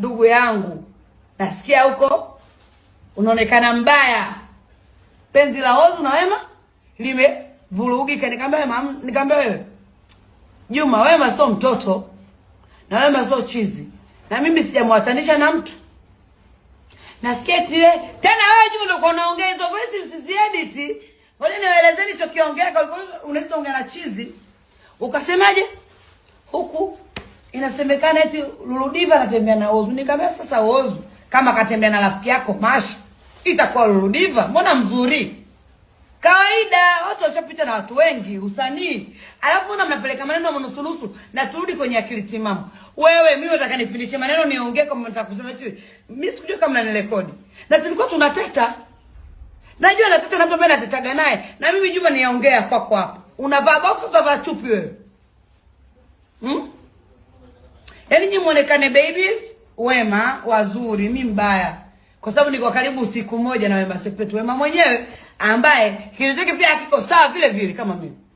ndugu yangu, nasikia huko unaonekana mbaya, penzi la Ozu na Wema limevurugika. Nikamwambia Wema, nikamwambia wewe Juma, Wema sio mtoto na Wema sio chizi, na mimi sijamwatanisha na mtu. Nasikia eti tena wewe Juma ndio unaongea hizo voice, msisi edit. Ngoja niwaelezeni chokiongea, unaongea na chizi ukasemaje huku Inasemekana eti Luludiva anatembea na Ozu. Nikamwambia sasa, Ozu kama katembea na rafiki yako Masha, itakuwa Luludiva? Mbona mzuri kawaida, watu washapita na watu wengi usanii, alafu na mnapeleka maneno mnusulusu. Na turudi kwenye akili timamu. Wewe mimi nataka nipindishe maneno niongee, kama nataka kusema eti mimi sikujua kama mnanirekodi, na tulikuwa tunateta, najua nateta na mtu ambaye natetaga naye, na mimi Juma niyaongea kwako hapa, unavaa box, utavaa chupi wewe, hmm? nyinyi muonekane babies wema wazuri, mi mbaya, kwa sababu niko karibu siku moja na Wema Sepetu, Wema mwenyewe ambaye kitu chake pia akiko sawa vile vile kama mimi.